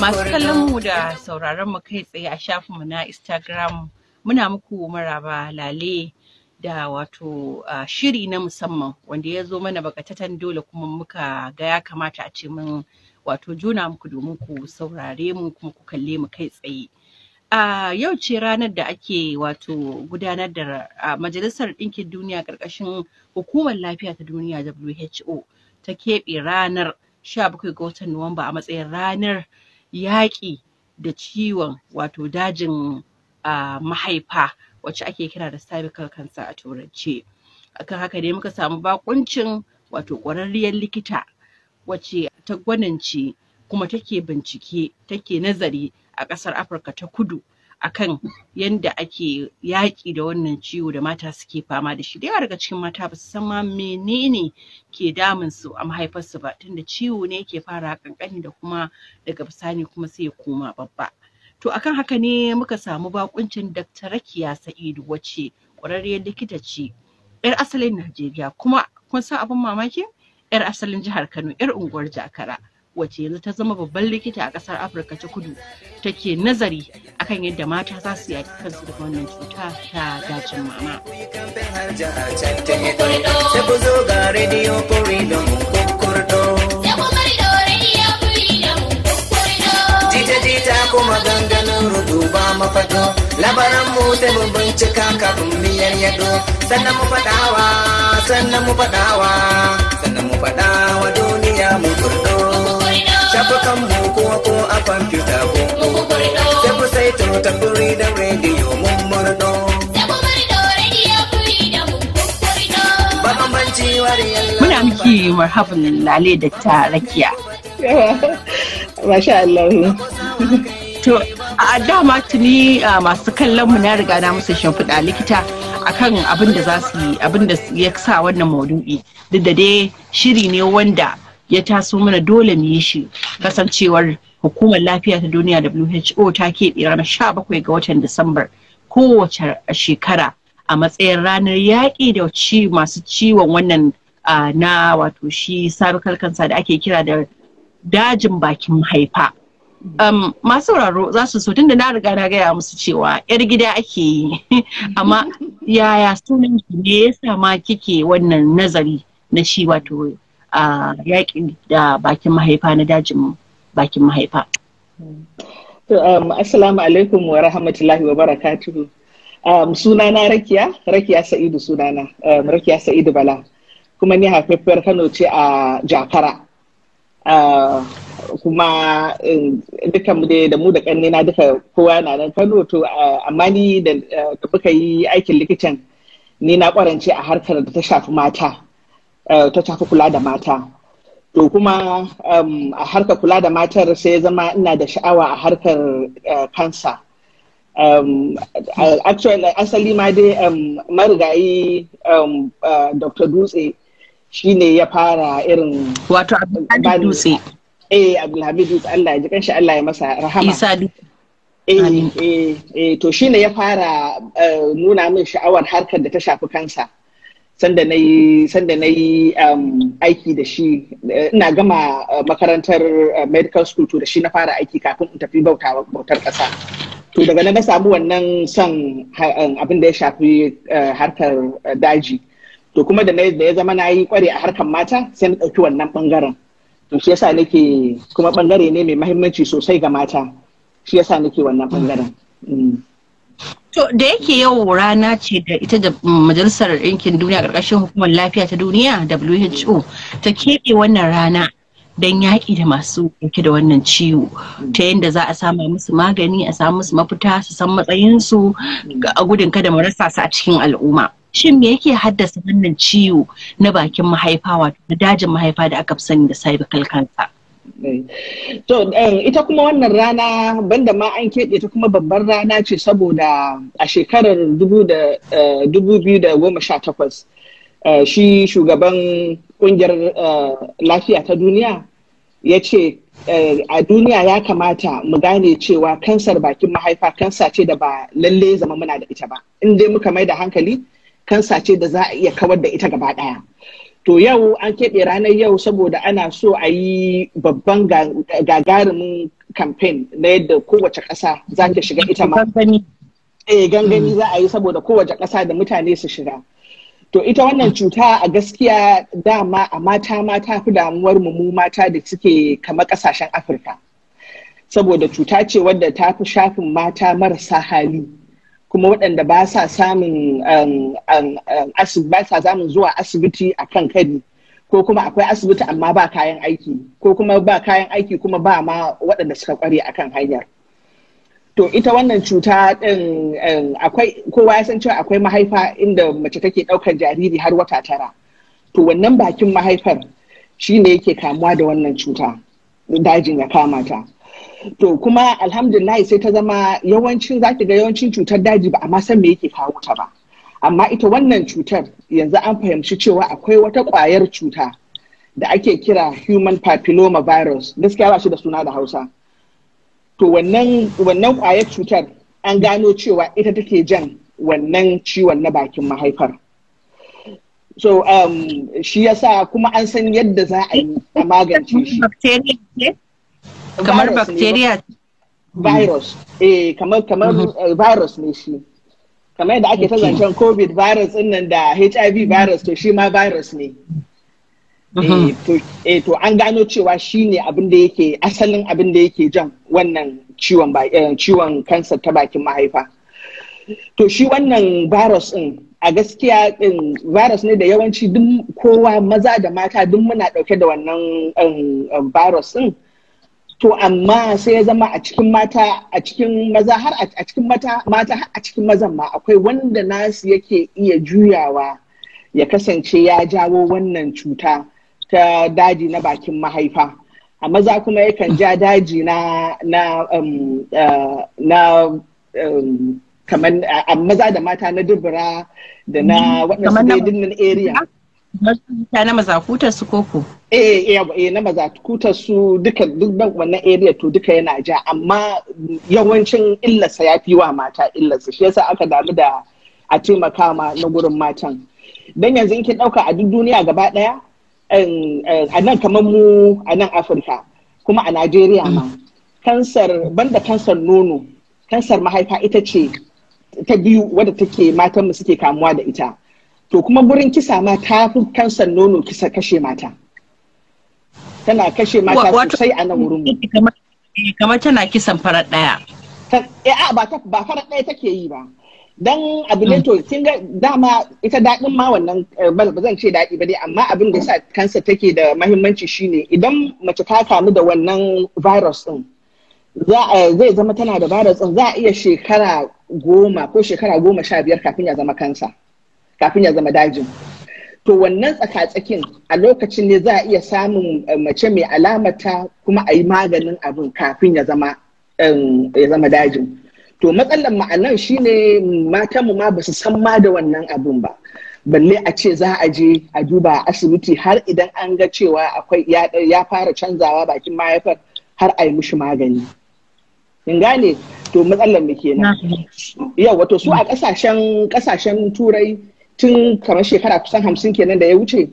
Masu kallon mu da sauraron mu kai tsaye a shafin mu na Instagram muna muku maraba lale da wato shiri na musamman wanda ya zo mana bakatatan dole kuma muka ga ya kamata a ce mun wato juna muku domin ku saurare mu kuma ku kalle mu kai tsaye. a yau ce ranar da ake wato gudanar da majalisar ɗinkin duniya ƙarƙashin hukumar lafiya ta duniya WHO ta keɓe ranar 17 ga watan Nuwamba a matsayin ranar yaƙi da ciwon wato dajin mahaifa wacce ake kira da cervical cancer a turance. Akan haka ne muka samu bakuncin wato ƙwararriyar likita wacce ta gwanince kuma take bincike take nazari a ƙasar Afirka ta kudu akan yanda ake yaƙi da wannan ciwo da mata suke fama da shi da yawa daga cikin mata ba su san ma menene ke damun su a mahaifarsu ba tunda ciwo ne ke fara kankani da kuma daga bisani kuma sai ya koma babba to akan haka ne muka samu bakuncin Dr. Rakiya Sa'idu wacce ƙwararriyar likita ce 'yar asalin Najeriya kuma kun san abin mamaki 'yar asalin jihar Kano 'yar unguwar Jakara wacce yanzu ta zama babban likita a kasar afirka ta kudu take nazari akan yadda mata za su yaki kansu da wannan cuta ta dajin mama kuma ganganin rudu ba labaran mu sai kafin miyar yado sannan mu faɗawa sannan mu faɗawa sannan mu faɗawa duniya mu kurɗo shafukan mu kuma ko a kwamfuta ko ko sai ku sai to ta da radio mun murdo Muna miki marhaban lale da ta rakiya. Masha Allah. To, a dama tuni masu kallon mu na riga na musu shimfiɗa likita akan abin da za su yi abin da ya sa wannan maudu'i duk da dai shiri ne wanda ya taso mana dole mu yi shi kasancewar hukumar lafiya ta duniya WHO ta keɓe ranar 17 ga watan Disambar kowace shekara a matsayin ranar yaƙi da ci masu ciwon wannan na wato shi sabukar kansa da ake kira da dajin bakin haifa. um, masu sauraro za su so da na riga na gaya musu cewa yar gida ake yi amma yaya sunan ne ya sama kike wannan nazari na shi wato a yaƙi da bakin mahaifa na dajin bakin mahaifa. To, um, Assalamu alaikum wa rahmatullahi wa barakatuhu. Um, sunana Rakiya, Rakiya Sa'idu sunana, um, Rakiya Sa'idu Bala. Kuma ni haifaffiyar Kano ce a Jakara. Uh, kuma dukan mu da mu da ƙannena duka kowa na nan Kano to uh, amma ni uh, da muka yi aikin likitan ni na kwarance a harkar da ta shafi mata. Eh, ta tafi kula da mata to kuma a harkar kula da matar sai zama ina da sha'awa a harkar kansa eh, actually asali ma dai marigayi eh, dr dutse shi ne ya fara irin wato abdulhamid dutse eh abdulhamid dutse allah ya ji kanshi allah ya masa rahama isa eh eh to shi ne ya fara nuna min sha'awar harkar da ta shafi kansa sanda na yi sanda na yi um, aiki da shi eh, ina gama eh, makarantar eh, medical school to da shi na fara aiki kafin in tafi bautar ƙasa to daga nan na samu wannan son um, abin da ya shafi harkar daji to kuma da na ya zama na yi kware a harkar mata sai na ɗauki wannan ɓangaren to shi yasa nake kuma ɓangare ne mai mahimmanci sosai ga mata shi yasa nake wannan ɓangaren. Mm. To da yake yau rana ce da ita da Majalisar Ɗinkin Duniya ƙarƙashin Hukumar Lafiya ta Duniya WHO ta keɓe wannan rana don yaƙi da masu ɗauke da wannan ciwo ta yadda za a sama musu magani a samu musu mafita su san matsayinsu a gudun kada mu rasa su a cikin al'umma. Shin me yake haddasa wannan ciwo na bakin mahaifa wato na dajin mahaifa da aka fi sani da cervical cancer? Eh. To eh, ita kuma wannan rana banda ma an keɓe ta kuma babban rana ce saboda a shekarar 2018 eh, shi shugaban kungiyar lafiya ta duniya ya ce a duniya ya kamata mu gane cewa kansar bakin mahaifa kansa ce da ba lalle zama muna da ita ba in dai muka mai da hankali kansa ce da za a iya kawar da ita gaba ɗaya. To yau an keɓe ranar yau saboda ana so a yi babban gagarumin campaign na yadda kowace ƙasa za ta shiga ita ma. Eh gangami hmm. za a yi saboda kowace ƙasa da mutane su shiga. To ita wannan cuta a gaskiya dama a mata mata fi damuwar mu mata da suke kama ƙasashen Afirka. Saboda cuta ce wadda ta fi shafin mata marasa hali. kuma waɗanda ba sa samun um, um, um, ba zuwa asibiti a kan kari ko kuma akwai asibiti amma ba kayan aiki ko kuma ba kayan aiki kuma ba ma waɗanda suka kware a kan hanyar to ita wannan cuta ɗin akwai kowa ya san cewa akwai mahaifa inda mace take ɗaukar jariri har wata tara to wannan bakin mahaifar shi ne yake kamuwa da wannan cuta dajin ya kama ta to kuma alhamdulillah sai ta zama yawancin za ki ga yawancin cutar daji ba a san me yake kawo ta ba amma ita wannan cutar yanzu an fahimci cewa akwai wata kwayar cuta da ake kira human papilloma virus gaskiya ba shi da suna da hausa to wannan wannan kwayar cutar an gano cewa ita take jan wannan ciwon na bakin mahaifar so um, shi yasa kuma an san yadda za a yi a magance shi kamar bacteria virus eh kamar kamar mhm. eh, virus ne shi kamar yadda ake tazancen zancen covid virus din nan da hiv virus to shi ma virus ne mhm. eh, eh to an gano cewa shi ne abin da yake asalin abin da yake jan wannan ciwon eh, ciwon kansa ta bakin mahaifa to shi wannan virus din a gaskiya din virus ne da yawanci duk kowa maza da mata duk muna dauke da wannan um, um, virus din to amma sai ya zama a cikin mata a cikin maza har a cikin mata mata har a cikin mazan ma akwai wanda nasu yake iya juyawa ya kasance ya jawo wannan cuta ta daji na bakin mahaifa a maza kuma yakan ja daji na na um, uh, na um, kamar a maza da mata na dubura da na waɗansu dai area na mazakutar su koko Eh, eh, eh na maza kutar su duka duk ban wannan area to duka yana ja amma yawancin illarsa ya fi wa mata illarsa shi yasa aka damu da a taimaka ma na gurin matan dan yanzu in kin dauka a duk duniya gaba daya eh, a nan kamar mu a nan Afirka kuma a Najeriya ma kansar banda kansar nono kansar mahaifa ita ce ta biyu wadda take matan mu suke kamuwa da ita to kuma gurin kisa ma tafi kansar nono kisa kashe mata tana kashe mata sosai a nan wurin mu eh, kamar tana kisan farar daya eh, a ba ba farar daya take yi ba dan abu ne mm. to kin ga dama ita dadin ma wannan eh, ba zan ce dadi ba dai amma abin da sa kansa take da mahimmanci shine idan mace ta kamu da wannan virus din zai zama tana da virus din za a iya shekara goma ko shekara goma sha biyar kafin ya zama kansa kafin ya zama dajin to wannan tsakatsakin a lokacin ne za a iya samun eh, mace mai alamata kuma a yi maganin abin kafin ya zama ya zama dajin to matsalar ma'anan shine matanmu ma ba su san ma da wannan abin ba balle a ce za a je a duba asibiti har idan an ga cewa akwai ya fara canzawa bakin mahaifar har a yi mishi magani in gane to matsalar mu kenan Yau wato su a kasashen kasashen turai tun kamar shekara kusan hamsin kenan da ya wuce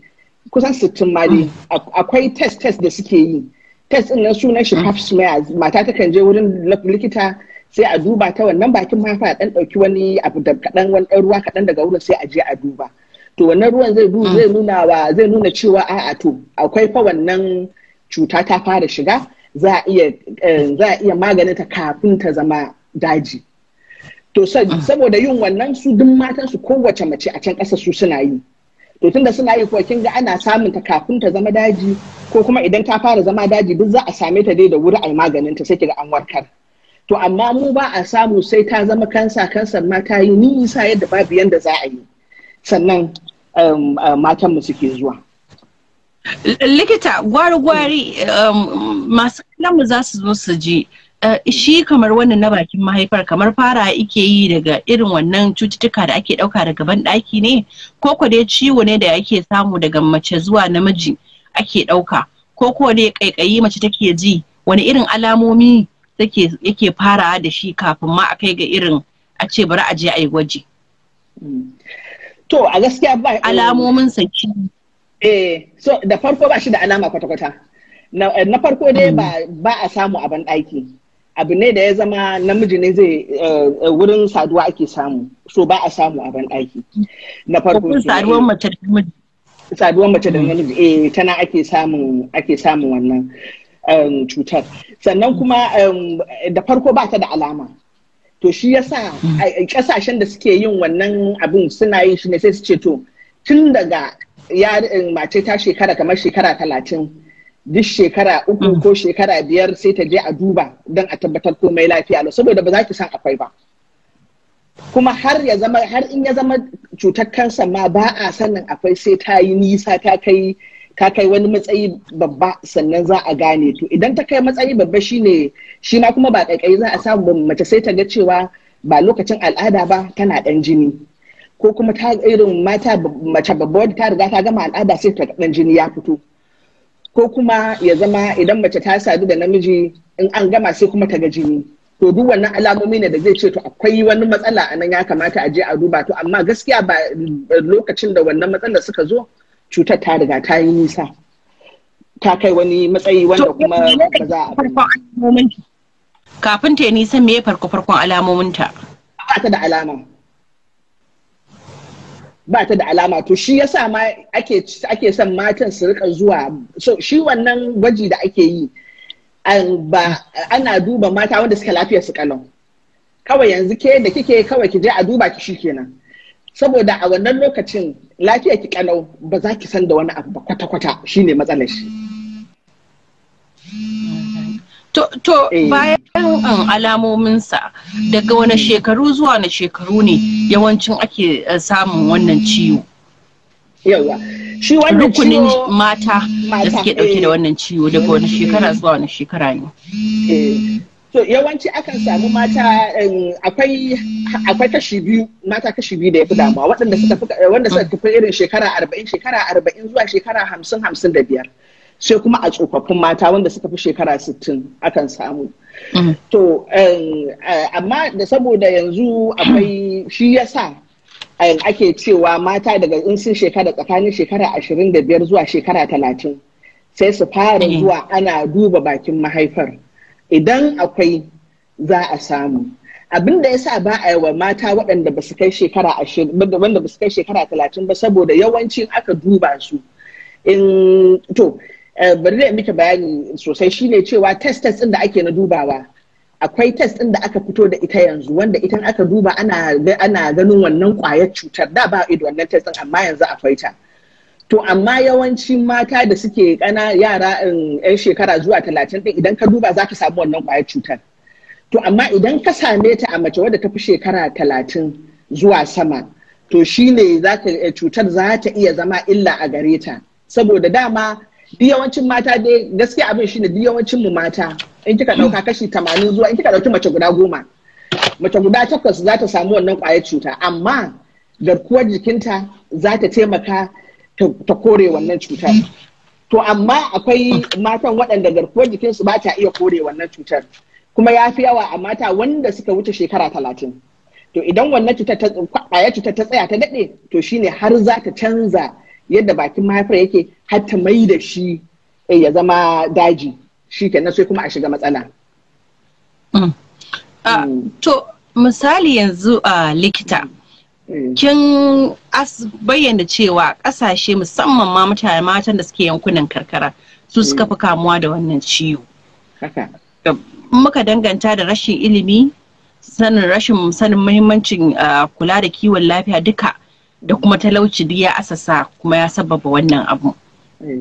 kusan sittin ma mm. akwai test test da suke yi test ɗin nan sunan shi mm. pap smear mata ta kan je wurin likita sai a duba ta wannan bakin mahaifa a dan ɗauki wani abu da kadan wani ɗan ruwa kaɗan daga wurin sai a je a duba to wannan ruwan zai mm. zai nuna wa zai nuna cewa a to akwai fa wannan cuta ta fara shiga za a iya eh, za a iya maganin ta kafin ta zama daji to ah. saboda yin wannan su duk matan su kowace mace a can ƙasa su suna yi to tunda suna yi kuwa kin ga ana samun ta kafin ta zama daji ko kuma idan ta fara zama daji duk za a same ta dai da wuri a maganin ta sai kiga an warkar to amma mu ba a samu sai ta zama kansa kansar mata yi nisa yadda babu yanda za a yi sannan um, uh, matan mu suke zuwa likita gwari-gwari um, masu mu za su zo su ji Eh, shi kamar wannan na bakin mahaifar kamar fara ike yi daga irin wannan cututtuka da ake ɗauka daga banɗaki ne ko ko dai ciwo ne da ake samu daga mace zuwa namiji ake ɗauka ko ko dai kaikayi mace take ji wani irin alamomi take yake fara da shi kafin ma a kai ga irin a ce bari a je a yi gwaji. To a gaskiya ba eh, alamomin saki. Eh, so da farko ba shi da alama kwata-kwata. Na eh, farko dai ba a samu a banɗaki. abu ne da ya zama namiji ne zai eh, eh, wurin saduwa ake samu so ba a samu a banɗaki na farko eh, saduwar mace da namiji mace da hmm. namiji eh tana ake samun ake samu wannan um, cutar sannan kuma um, da farko ba ta da alama to shi yasa kasashen hmm. da suke yin wannan abin suna yin shi ne sai su ce to tun daga ya mace ta shekara kamar shekara talatin duk shekara uku mm. ko shekara biyar sai ta je a duba don a tabbatar komai lafiya lo saboda ba za ki san akwai ba kuma har ya zama har in ya zama cutar kansa ma ba a sannan akwai sai ta yi nisa ta kai ta kai wani matsayi babba sannan za a gane to idan ta kai matsayi babba shine shi ma kuma ba kaikai za a samu mace sai ta ga cewa ba lokacin al'ada ba tana dan jini ko kuma ta irin mata mace babba wadda ta riga ta gama al'ada sai ta dan jini ya fito ko kuma ya zama idan mace ta sadu da namiji in an gama sai kuma ta ga jini to duk wannan alamomi ne da zai ce to akwai wani matsala a nan ya kamata a je a duba to amma gaskiya ba lokacin da wannan matsalar suka zo cutar ta riga ta yi nisa ta kai wani matsayi wanda kuma ba za a kafin ta yi nisan me farko farkon alamominta ba ta da alama ba ta da alama to shi yasa ma ake ake son matan su rika zuwa so shi wannan gwaji da ake yi ba ana duba mata wanda suka lafiya su kalau kawai yanzu ke da kike kawai ki je a duba ki kenan. saboda a wannan lokacin lafiya ki kalau ba za ki san da wani abu ba kwata-kwata shine matsalar shi To, eh. bayan um, alamominsa daga wani shekaru zuwa wani shekaru ne yawancin ake eh, samun wannan ciwo. Yawa. Shi wannan ciwo mata da suke dauke da eh. wannan ciwo daga wani shekara zuwa wani shekara ne. To yawanci akan samu mata um, akwai akwai kashi biyu mata kashi biyu da ya fi damuwa waɗanda suka fi irin shekara arba'in shekara arba'in zuwa shekara hamsin hamsin da biyar. sai kuma a tsofaffin mata wanda suka fi shekara 60 akan samu mm. to um, eh, amma da saboda yanzu akwai shi yasa um, ake cewa mata daga in sun shekara tsakanin shekara 25 zuwa shekara 30 sai su fara mm. zuwa ana duba bakin mahaifar idan akwai za a samu abin da ya sa ba a yi wa mata waɗanda ba su kai shekara wanda ba su kai shekara talatin ba saboda yawancin aka duba su in to Eh, bari da miki bayani sosai shine cewa test test ɗin da ake na dubawa akwai test ɗin da aka fito da ita yanzu wanda idan aka duba ana ana ganin wannan kwayar cutar da ba ido wannan test din amma yanzu akwai ta to amma yawancin mata da suke kana yara yan um, shekara zuwa talatin din idan ka duba za ka samu wannan kwayar cutar to amma idan ka same ta a mace wadda ta fi shekara talatin zuwa sama to shine za eh, cutar za ta iya zama illa a gare ta saboda dama yawancin mata dai gaskiya abin shine duk yawancin mu mata in kika dauka mm. kashi 80 zuwa in kika dauki mace guda goma mace guda takwas za ta samu wannan kwayar cuta amma garkuwar jikinta za ta taimaka ta kore wannan cutar to amma akwai matan waɗanda garkuwar jikinsu ba ta iya kore wannan cutar kuma ya fi yawa a mata wanda suka wuce shekara talatin to idan wannan ta cutar ta tsaya ta daɗe to shine har za ta canza yadda bakin mahaifar yake har ta mai da shi eh, ya zama daji shi kenan sai kuma a shiga matsala. Mm. Ah, mm. To misali yanzu a ah, likita mm. kin bayyana cewa ƙasashe musamman ma mutane matan da suke yankunan karkara su suka fi kamuwa da wannan ciwo. Muka danganta da rashin ilimi sanin rashin sanin muhimmancin ah, kula da kiwon lafiya duka da kuma talauci duk ya asasa kuma ya sababa wannan abu. Eh.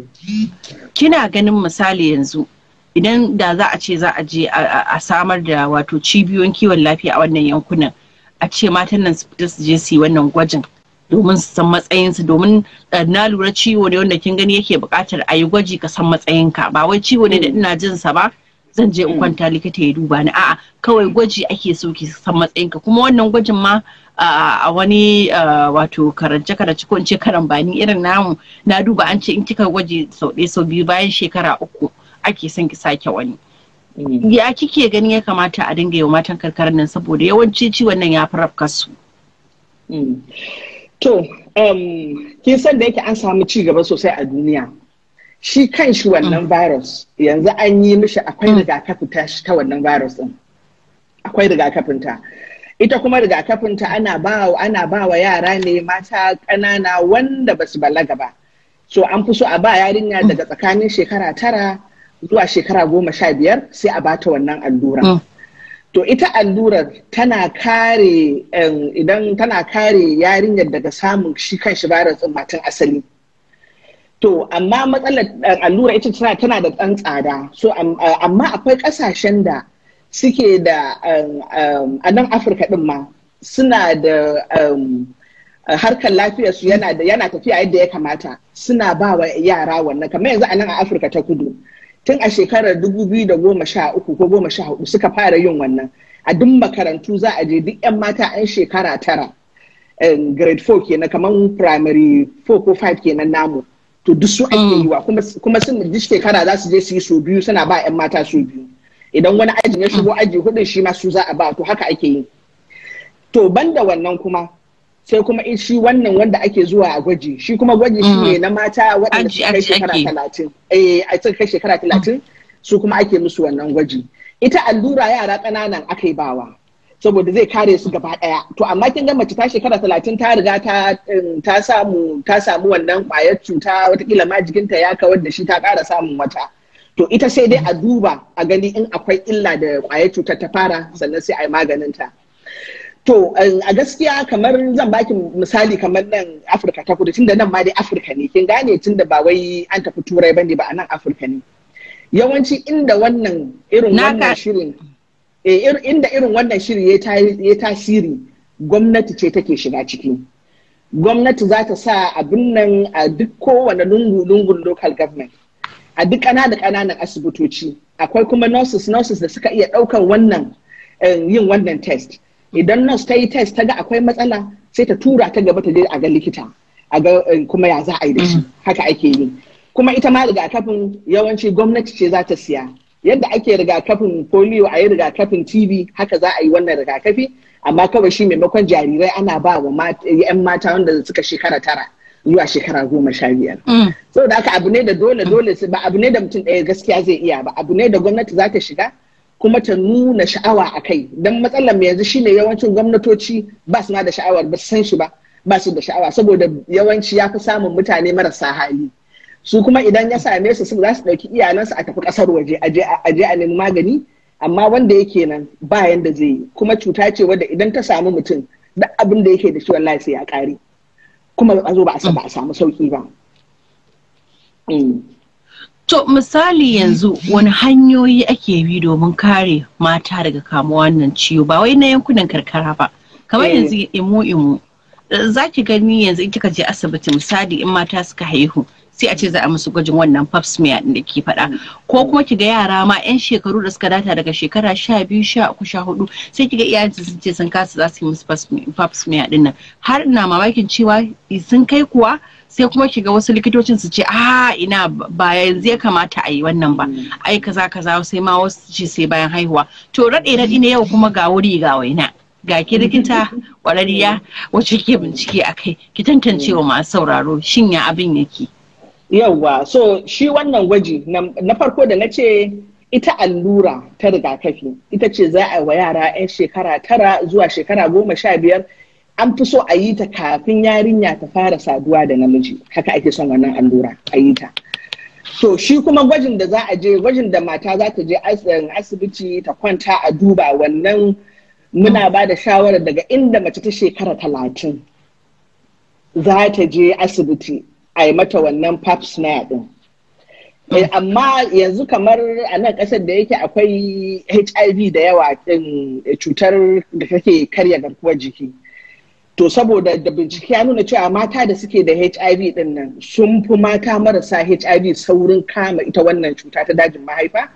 Kina ganin misali yanzu idan da za a ce za a je a samar da wato cibiyoyin kiwon lafiya a wannan yankunan a ce matan nan su fita su je su yi wannan gwajin domin su san matsayinsu domin eh, na lura ciwo ne wanda kin gani yake buƙatar a yi gwaji ka san matsayinka ba wai ciwo ne da mm. ina jinsa sa ba zan je in mm. kwanta likita ya duba ni a'a kawai gwaji ake so ki san matsayinka kuma wannan gwajin ma a wani wato karance karance ko in ce bani irin namu na duba an ce in kika gwaji sau ɗaya sau biyu bayan shekara uku ake son ki sake wani mm. ya kike gani ya kamata a dinga yau matan karkarar nan saboda yawanci ciwon nan ya farafka su mm. to um, kin san da yake an samu ci gaba sosai a duniya shi kan shi wannan mm. virus yanzu an yi mishi akwai mm. rigakafinta ta shi ta wannan virus din akwai rigakafinta. ita kuma rigakafinta ana ba ana ba yara ne mata ƙanana wanda basu balaga ba so an fi so a ba yarinya daga mm. tsakanin shekara tara zuwa shekara goma sha biyar sai a bata wannan allura to ita allurar tana kare idan tana kare yarinyar daga samun shi kan shi virus din matan asali To, amma matsalar eh, allura ita tana tana da ɗan tsada. So, eh, amma akwai ƙasashen da suke da um, um, a nan Afirka ɗin ma suna da um, eh, harkar lafiyarsu yana yana tafiya yadda ya kamata suna ba wa yara wannan kamar yanzu a nan Afirka ta kudu tun a shekarar 2013 ko 2014 suka fara yin wannan a duk makarantu za a je duk 'yan mata 'yan shekara tara grade 4 kenan kamar primary 4 ko 5 kenan namu to duk su ake mm. yi wa kuma sun ji shekara za su je su yi so biyu suna ba 'yan mata so biyu idan wani aji ya shigo aji hudun shi ma su za a ba to haka ake yi to banda wannan kuma sai kuma shi wannan wanda ake zuwa a gwaji shi kuma gwaji shi ne mm. na mata waɗanda eh, suka kai shekara 30 su kuma ake musu wannan gwaji ita allura yara ƙananan aka yi bawa saboda zai kare su gaba daya to amma kin ga mace ta shekara talatin ta riga ta um, ta samu ta samu wannan kwayar cuta watakila ma jikinta ya kawar da shi ta kara samun wata to ita sai dai a duba a gani in akwai illa da kwayar cuta ta fara sannan sai a yi maganin ta to um, a gaskiya kamar zan baki misali kamar nan afirka ta kudu tunda nan ma dai afirka ne kin gane tunda ba wai an tafi turai bane ba a nan afirka ne yawanci inda wannan irin wannan shirin Eh, inda irin wannan shiri ya tasiri gwamnati ce take shiga ciki gwamnati za ta sa abin nan a duk kowane lungu-lungun local government a duk kananan ƙananan asibitoci akwai kuma nurses nurses da suka iya ɗaukar wannan eh, yin wannan test idan nurse ta yi test ta ga akwai matsala sai ta tura ta gaba ta je a ga likita a ga eh, kuma ya za a yi da shi mm. haka ake yi kuma ita ma rigakafin yawanci gwamnati ce za ta siya yadda ake rigakafin polio a yi rigakafin TV haka za a yi wannan rigakafi amma kawai shi maimakon jarirai ana ba wa 'yan mata wanda suka shekara tara zuwa shekara goma sha biyar. Mm. so da haka abu ne da dole dole ba abu ne da mutum ɗaya gaskiya zai iya ba abu ne da gwamnati za ta shiga kuma ta nuna sha'awa a kai don matsalar mu yanzu shine yawancin gwamnatoci ba su na da sha'awar ba su san shi ba ba su da sha'awa saboda yawanci ya fi samun mutane marasa hali. su kuma idan ya same su za su ɗauki iyalansu a tafi ƙasar waje a je a nemi magani amma wanda yake nan ba yanda zai yi kuma cuta ce wadda idan ta samu mutum duk abin da yake da shi wallahi sai ya kare. kuma a zo ba a ba a samu sauki ba mm. To misali yanzu wani hanyoyi ake bi domin kare mata daga kamuwa wannan ciwo ba wai na yankunan karkara ba kamar yanzu eh. imu imu za ki gani yanzu in kika je asibiti misali in mata suka haihu sai a ce za a musu gwajin wannan pap smear da ke faɗa ko mm. kuma ki ga yara ma yan shekaru da suka data daga shekara sha biyu sha uku sha hudu sai kiga iyayen sun ce sun kasa za su yi musu pap smear din nan har ina mamakin cewa sun kai kuwa sai kuma ki ga wasu likitocin su ce a ina ba yanzu ya kamata a yi wannan ba mm. ai kaza kaza sai ma wasu ce sai bayan haihuwa to raɗe raɗi ne yau kuma ga wuri ga waina ga ki likita kwararriya wacce ke bincike a kai ki tantance wa masu sauraro shin ya abin yake Yawwa, so shi wannan gwaji na farko da na ce ita allura ta rigakafi ita ce za a wa yara 'yan shekara tara zuwa shekara goma sha biyar an fi so a yi ta kafin yarinya ta fara saduwa da namiji haka ake son wannan allura a yi ta So, shi kuma gwajin da za a je gwajin da mata za ta je eh, asibiti ta kwanta a duba wannan muna ba da shawarar daga inda mace ta shekara talatin za ta je asibiti a yi mata wannan pap smear ɗin. Eh, amma yanzu kamar a nan ƙasar da yake akwai hiv da yawa ɗin eh, cutar da take karya garkuwar jiki to saboda da bincike ya nuna cewa mata da suke da hiv ɗin nan sun fi mata marasa hiv saurin kama ita wannan cuta ta dajin mahaifa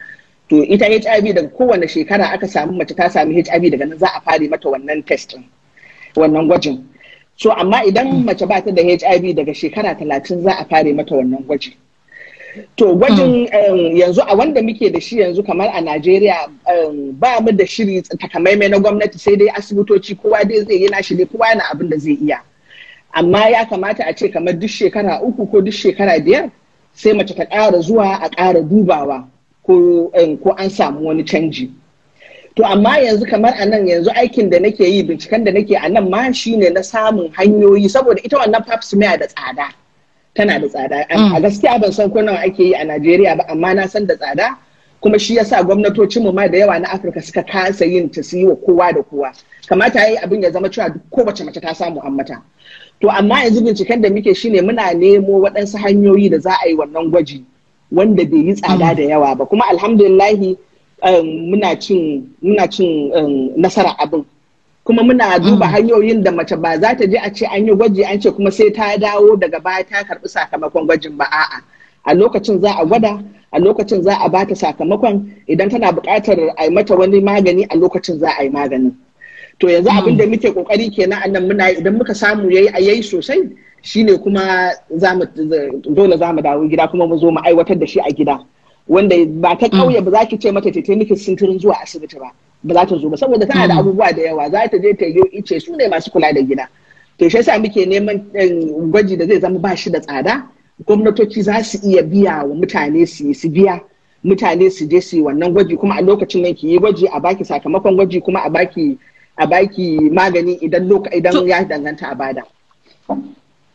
to ita hiv daga kowane shekara aka samu mace ta sami hiv daga nan za a fare mata wannan testin wannan gwajin so amma idan hmm. mace ba ta da hiv daga shekara talatin za a fare mata wannan gwaji to gwajin hmm. um, yanzu a wanda muke da shi yanzu kamar a najeriya um, ba mu da shiri takamaimai na gwamnati sai dai asibitoci kowa dai zai yi nashi ne kowa yana abin da zai iya amma ya kamata a ce kamar duk shekara uku ko duk shekara biyar sai mace ta ƙara zuwa a ƙara dubawa ko um, an samu wani canji. to amma yanzu kamar a nan yanzu aikin da nake yi binciken da nake a nan ma shine na samun hanyoyi saboda ita wannan pap smear da tsada tana da tsada a mm. gaskiya ban san ko nawa ake yi a Najeriya ba amma na san da tsada kuma shi yasa mu ma da yawa na Afirka suka kasa yin ta su yi wa kowa da kowa kamata yayi abin ya zama cewa kowace mace ta samu ammata to amma yanzu binciken da muke shine muna nemo waɗansu hanyoyi da za a yi wannan gwaji wanda bai yi tsada mm. da yawa ba kuma alhamdulillahi Um, muna cin um, nasara abin kuma muna duba mm. hanyoyin da mace ba za ta je a ce an yi gwaji an ce kuma sai ta dawo daga baya ta karɓi sakamakon gwajin ba a'a a lokacin za a gwada a lokacin za a bata sakamakon idan tana buƙatar a mata wani magani a lokacin za a yi magani. to yanzu mm. abin da muke kokari kenan annan muna idan muka samu yayi a yayi sosai shine kuma dole za mu dawo gida kuma mu zo mu aiwatar da shi a gida wanda ba ta mm. kauye ba za ki ce mata ta miki sintirin zuwa asibiti ba ba za ta zo ba saboda tana da mm. abubuwa da yawa za ta je ta yi ice su ne masu kula da gida to shi yasa muke neman eh, gwaji da zai zama ba shi da tsada gwamnatoci za su iya biya wa mutane su yi su biya mutane su je su yi wannan gwaji kuma a lokacin nan ki yi gwaji a baki sakamakon gwaji kuma a baki a baki magani idan ya danganta a bada.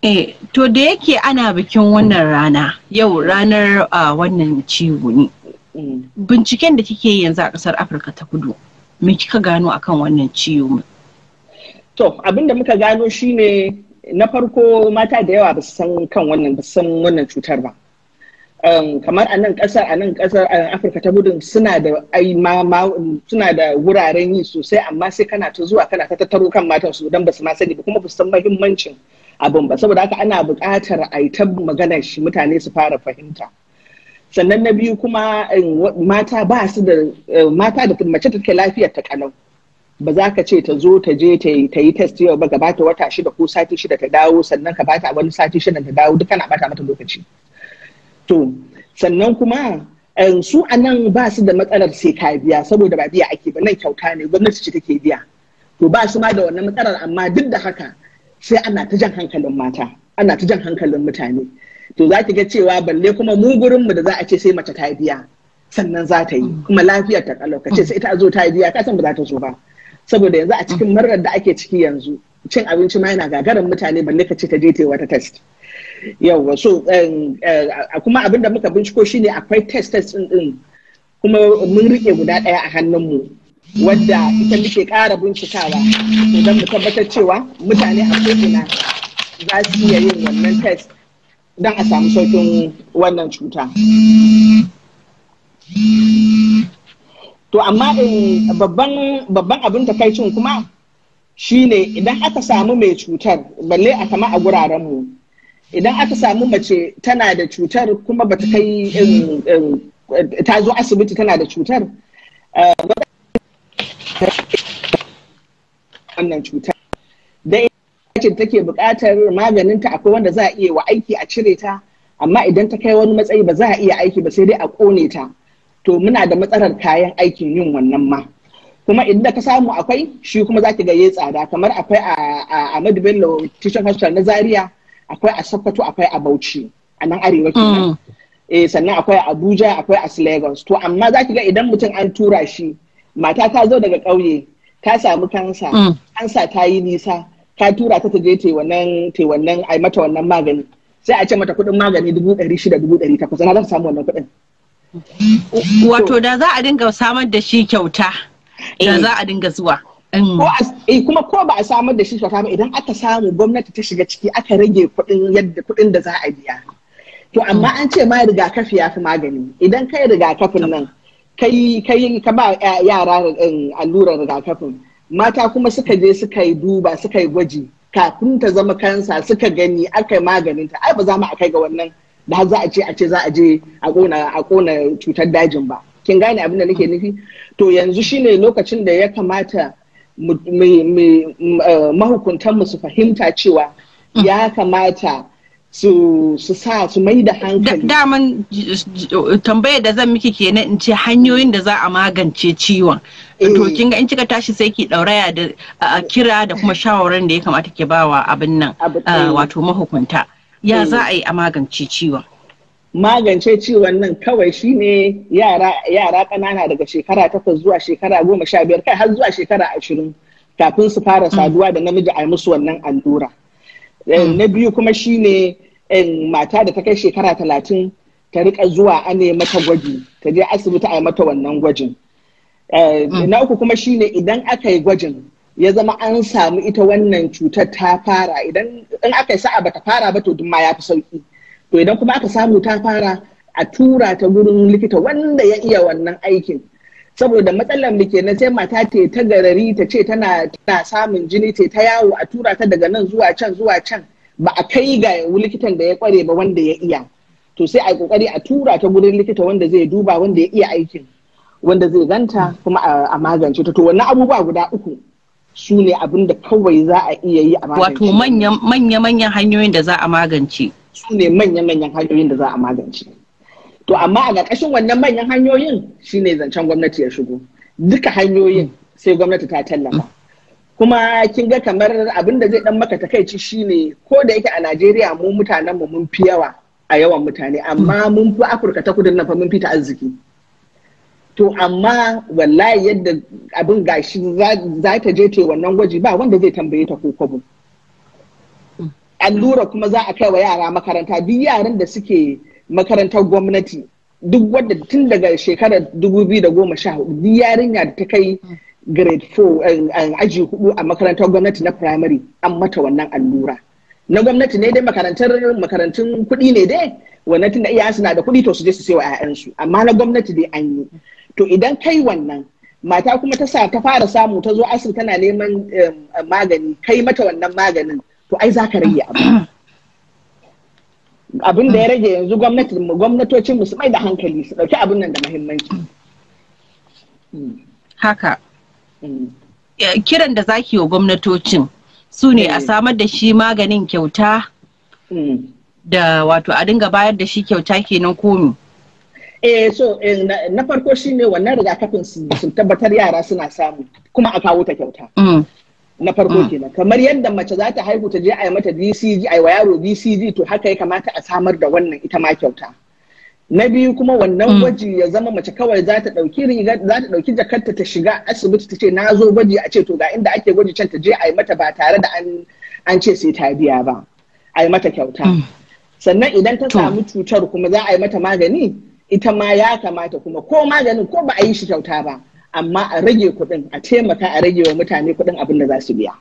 Eh, to da yake ana bikin wannan rana yau ranar wannan ciwo ne. Binciken da kike yi yanzu a ƙasar Afirka ta kudu, me kika gano akan wannan ciwo? To, abin da muka gano shine na farko mata da yawa ba su san kan wannan ba san wannan cutar ba. Um, kamar a nan ƙasar a nan ƙasar Afirka ta kudu suna da ai suna da wuraren yi sosai amma sai kana ta zuwa kana ta tattaro kan matan su don ba su ma sani ba kuma ba su san mahimmancin. abin ba saboda haka ana buƙatar a yi maganar shi mutane su fara fahimta sannan na biyu kuma eh, mata ba su da eh, mata da mace take lafiyar ta kanau ba za ka ce ta zo ta je ta yi test yau ba gaba ta wata shida ko sati shida ta dawo sannan ka bata wani sati shida ta dawo duk kana bata mata lokaci to sannan kuma eh, su a nan ba su da matsalar sai ka biya saboda ba biya ake ba nan kyauta ne gwamnati ce take biya to ba su ma da wannan matsalar amma duk da haka sai ana ta jan hankalin mata ana ta jan hankalin mutane to za ki ga cewa balle kuma mu gurin mu da za a ce sai mace ta biya sannan za ta yi kuma lafiyar ta kalau ka ce sai ta zo ta biya ka san ba za ta zo ba saboda yanzu a cikin marar da ake ciki yanzu cin abinci ma yana gagarin mutane balle ka ce ta je ta yi wata test yawa so um, uh, kuma abin da muka binciko shine akwai test test din kuma mun rike guda daya a hannun mu wadda ita muke ƙara bincikawa idan mu tabbatar cewa mutane a ko'ina za su iya yin wannan test don a samu saukin wannan cuta. To amma eh, babban abin ta kai cin kuma shine idan aka samu mai cutar balle a kama a gurarenmu idan aka samu mace tana da cutar kuma bata kai eh, eh, ta zo asibiti tana da cutar wannan cuta dan ce take buƙatar maganin ta akwai wanda za a iya wa aiki a cire ta amma idan ta kai wani matsayi ba za a iya aiki ba sai dai a ƙone ta to muna da matsalar kayan aikin yin wannan ma kuma idan ka samu akwai shi kuma za ki ga yayi tsada kamar akwai a Ahmed Bello Teaching Hospital na Zaria akwai a Sokoto akwai a Bauchi a nan arewa kenan mm. eh sannan akwai a Abuja akwai a Lagos to amma za ki ga idan mutum an tura shi mata ta zo daga ƙauye ta samu kansa kansa mm. ta yi nisa ka tura ta je te wannan te wannan ai mata wannan magani sai a ce mata kuɗin magani dubu ɗari shida dubu ɗari takwas na za samu wannan kuɗin. Mm. wato da za a dinga samar da shi kyauta da eh. za a dinga zuwa. Mm. Eh, kuma ko ba a samar da shi kyauta ba idan aka samu gwamnati ta shiga ciki aka rage kuɗin yadda da za a biya. To amma an ce ma rigakafi ya fi magani idan kai rigakafin nan kai kai ka ba yara allurar rigakafin mata kuma suka je suka yi duba suka yi gwaji kafin ta zama kansa suka gani aka yi maganinta ai ba za mu a ga wannan da za a ce a ce za a je a kona a kona cutar dajin ba kin gane abin da nake nufi to yanzu shine lokacin da ya kamata mahukuntan mu eh, su fahimta cewa ya kamata su su sa su mai da hankali daman tambayar da zan miki kenan in ce hanyoyin da za a magance ciwon eh. to kinga in kika tashi sai ki dauraya da kira da kuma shawaran da ya kamata ki bawa abin nan wato mahukunta ya eh. za a yi a magance ciwon magance ciwon nan kawai shine yara yara ƙanana daga shekara takwas zuwa shekara goma sha biyar kai har zuwa shekara ashirin kafin su fara mm. saduwa da namiji a musu wannan allura. Eh, hmm. na biyu kuma shine eh, mata da ta kai shekara talatin ta rika zuwa a ne mata gwaji ta je asibiti a mata wannan gwajin eh, hmm. na uku kuma shine idan aka yi gwajin ya zama an samu ita wannan cutar ta fara idan in aka yi sa'a bata fara ba to duk ya fi sauki to idan kuma aka samu ta fara a tura ta gurin likita wanda ya iya wannan aikin saboda matsalar da ke nan sai mata ce ta garari ta ce tana tana samun jini ce ta yawo a tura ta daga nan zuwa can zuwa can ba a kai ga likitan da ya kware ba wanda ya iya to sai a kokari a tura ta gurin likita wanda zai duba wanda ya iya aikin wanda zai ganta kuma a magance ta to wannan abubuwa guda uku su ne abin da kawai za a iya yi a magance wato manya manyan hanyoyin da za a magance su ne manya manyan hanyoyin da za a magance to amma a ƙarƙashin wannan manyan hanyoyin shi ne zancen gwamnati ya shigo duka hanyoyin sai gwamnati ta tallafa kuma kin ga kamar abin da zai dan maka takaici ne, ko da yake a Najeriya mu mutanenmu mu mun fi yawa a yawan mutane amma mun fi Afirka ta kudu nafa fa mun fi ta arziki to amma wallahi yadda abin gashi za ta je ta wannan gwaji ba wanda zai tambaye ta ko kwabo mm. allura kuma za a kai wa yara makaranta duk yaran da suke makarantar gwamnati duk wadda tun daga shekarar 2014 ni yarinya da ta kai grade 4 eh, eh, aji hudu a makarantar gwamnati na primary an mata wannan allura na gwamnati ne dai makarantar makarantun kuɗi ne dai wannan tun da iya suna da kuɗi to su je su sayo ƴaƴansu amma na gwamnati dai an yi to idan kai wannan mata kuma ta sa ta fara samu ta zo asibiti tana neman eh, magani kai mata wannan maganin to ai za ka rage abu abin da ya rage yanzu gwamnatocin su mai da hankali su ɗauki abin nan da mahimmanci. Haka. Mm. Kiran da zaki wa gwamnatocin su ne a eh. samar da shi maganin kyauta mm. da wato a dinga bayar da shi kyauta kenan komi. Eh so eh, na farko shi ne wannan rigakafin su tabbatar yara suna samu kuma a kawo ta kyauta. Mm. na farko mm. kenan kamar yadda mace za ta haihu ta je a yi mata dcg a yi wa yaro dcg to haka ya kamata a samar da wannan ita ma kyauta na biyu kuma wannan mm. gwaji ya zama mace kawai za ta ɗauki riga za ta ɗauki jakarta ta shiga asibiti ta ce na zo gwaji a ce to ga inda ake gwaji can ta je a yi mata ba tare da an ce sai ta biya ba a yi mata kyauta mm. sannan idan ta samu cutar kuma za a yi mata magani ita ma ya kamata kuma ko maganin ko ba a yi shi kyauta ba amma a rage kuɗin a taimaka a rage wa mutane kuɗin abin da za su biya.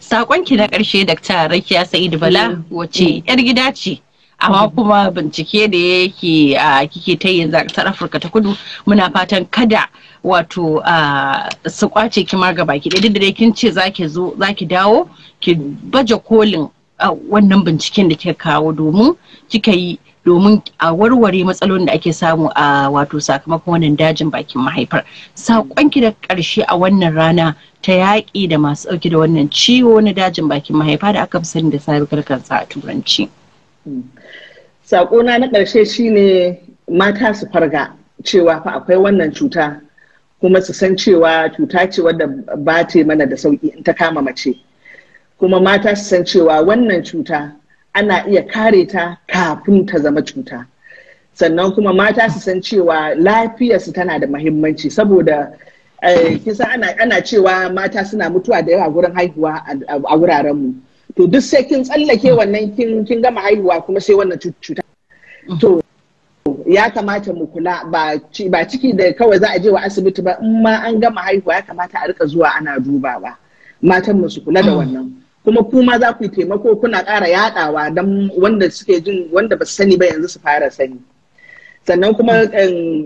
Sakonki na ƙarshe Dakta Rakiya sa'id Bala mm. wace 'yar mm. gida ce amma mm. kuma bincike da yake a kike ta yanzu a Afirka ta kudu muna fatan kada wato su kwace ma gaba ki duk da kin ce zaki zo zaki dawo ki baje kolin wannan binciken da kika kawo domin kika yi domin a warware matsalolin da ake samu a wato sakamakon wannan dajin bakin mahaifar saƙonki da ƙarshe a wannan rana ta yaƙi da masu ɗauki da wannan ciwo na dajin bakin mahaifa da aka fi sani da cervical sa a turanci saƙona na ƙarshe shine mata su farga cewa fa akwai wannan cuta kuma su san cewa cuta ce wadda ba ta mana da sauƙi in ta kama mace kuma mata su san cewa wannan cuta ana iya kare ta kafin ta zama cuta sannan kuma mata su san cewa lafiyarsu tana da mahimmanci saboda eh, kisa ana cewa mata suna mutuwa da yawa gurin haihuwa a wuraren mu. to duk sai kin tsallake wannan kin gama haihuwa kuma sai wannan cuta to ya kamata mu kula ba ciki da kawai za a je wa asibiti ba in ma an gama haihuwa ya kamata a rika zuwa ana dubawa matan mu su kula da mm. wannan kuma kuma za ku yi taimako kuna ƙara yaɗawa don wanda suke jin wanda ba su sani ba yanzu su fara sani sannan kuma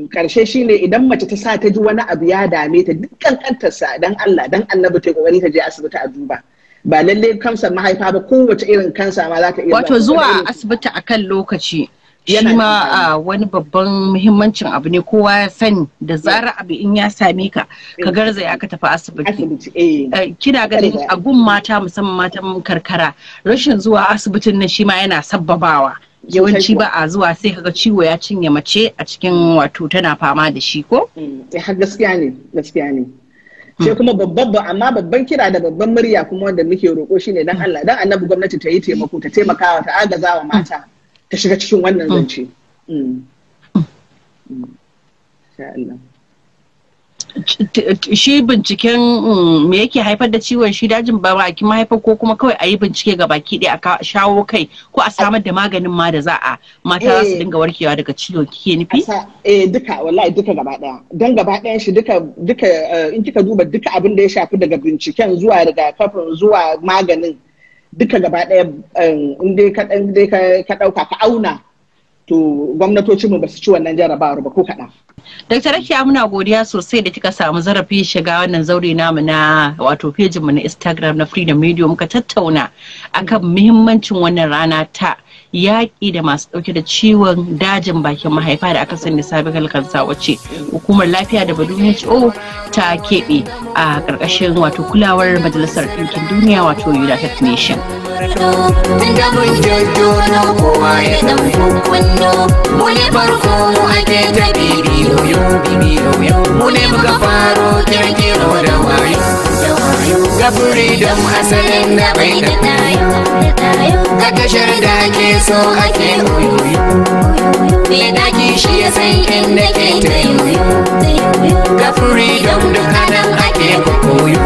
ƙarshe shine idan mace ta sa ta ji wani abu ya dame ta duk kankantarsa don Allah don annabi ta kokari ta je asibiti a duba ba lallai kansar mahaifa ba kowace irin kansa ma za ta iya wato zuwa asibiti kan lokaci shi ma ah, wani babban muhimmancin abu ne kowa ya sani da zara abu in ya same ka ka ya ka tafi asibiti eh. Eh, kina ganin a gun mata musamman matan karkara rashin zuwa asibitin nan shi ma yana sabbabawa yawanci ba a zuwa sai kaga ciwo ya cinye mace a cikin wato tana fama da shi ko eh, har gaskiya ne gaskiya ne hmm. sai kuma babban amma babban kira da babban murya kuma wanda muke roƙo shine dan hmm. Allah dan annabi gwamnati ta yi taimako ta taimakawa, ta agaza wa mata ta shiga cikin wannan mm. zance mm. Mm. shi binciken me yake haifar da ciwon shi dajin ba baki mahaifa ko kuma kawai a yi bincike ga baki ɗaya a shawo kai ko a samar da maganin ma da za a mata su eh. dinga warkewa daga ciwon kike nufi? eh duka wallahi duka gaba ɗaya don gaba ɗayan shi duka duka eh, in kika duba duka abin da ya shafi daga binciken zuwa daga kafin zuwa maganin duka gaba ɗaya um, in ka ɗauka ka auna to gwamnatocinmu ba su ci wannan jarabawar ba ko kaɗan. Dr. Rakiya muna godiya sosai da kika samu zarafi shiga wannan zaure namu na wato pejinmu na Instagram na Freedom Radio muka tattauna akan muhimmancin wannan rana ta yaƙi da masu ɗauke da ciwon dajin bakin mahaifa da aka sani cervical kansa wacce hukumar lafiya da WHO ta keɓe a ƙarƙashin wato kulawar majalisar ɗinkin duniya wato United Nations. ga freedom asalin na bai da kayo ga tashar da ake so ake oyoyo me daki shi ya san inda ke ta ga freedom duk anan ake koyo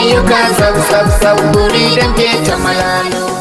ayyuka sab sab sab freedom ke ta